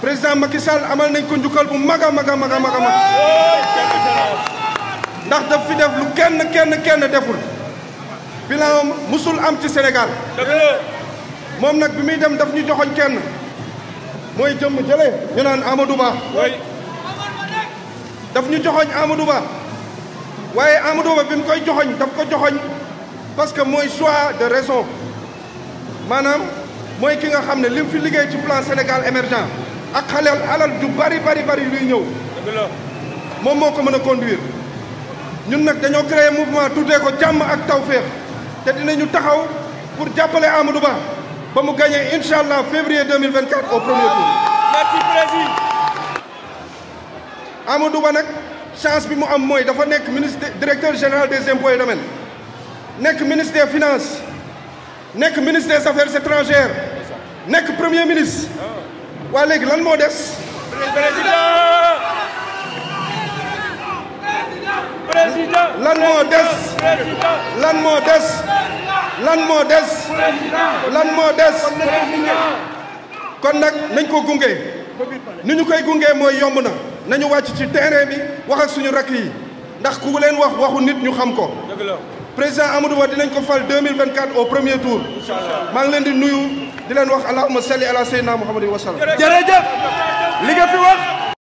président Macky Sall amal nañ ko njukkal bu mag a mag mag ndax daf fi def lu kenn kenn kenn deful bilan musul am ci Sénégal moom nag bi muy dem daf ñu joxoñ kenn mooy jëmm jële ñu naan Amadou Ba daf ñu joxoñ Amadou Ba waaye Amadou Ba bi mu koy joxoñ daf ko joxoñ parce que mooy choix de raison maanaam mooy ki nga xam ne li mu fi liggéey ci plan Sénégal émergent ak xale alal ju bari bari bari luy ñëw moom moo ko mën a conduire ñun nag dañoo créer mouvement tuddee ko jàmm ak tawféex te dinañu taxaw pour jàppale Amadou Ba ba mu gagné incha allah février 2024 au premier tour. merci président. Amadou Ba nag chance bi mu am mooy dafa nekk ministre directeur général des impôts et nekk ministre finance finances nekk ministre des affaires étrangères nekk premier ministre. Ah. waa léegi lan moo des. président lan moo des. lan moo des. lan moo des. lan moo des. kon nag nañ ko gunge. ni ñu koy gunge mooy yomb na nañu wàcc ci terrain bi wax suñu rakk yi ndax ku leen wax waxu nit ñu xam ko. président Amadou Ba dinañ ko fal 2024 au premier tour. maa ngi leen di nuyu. di leen wax allahumma salli ala sayyidina muhammadin wa sallam jërëjëf li nga fi wax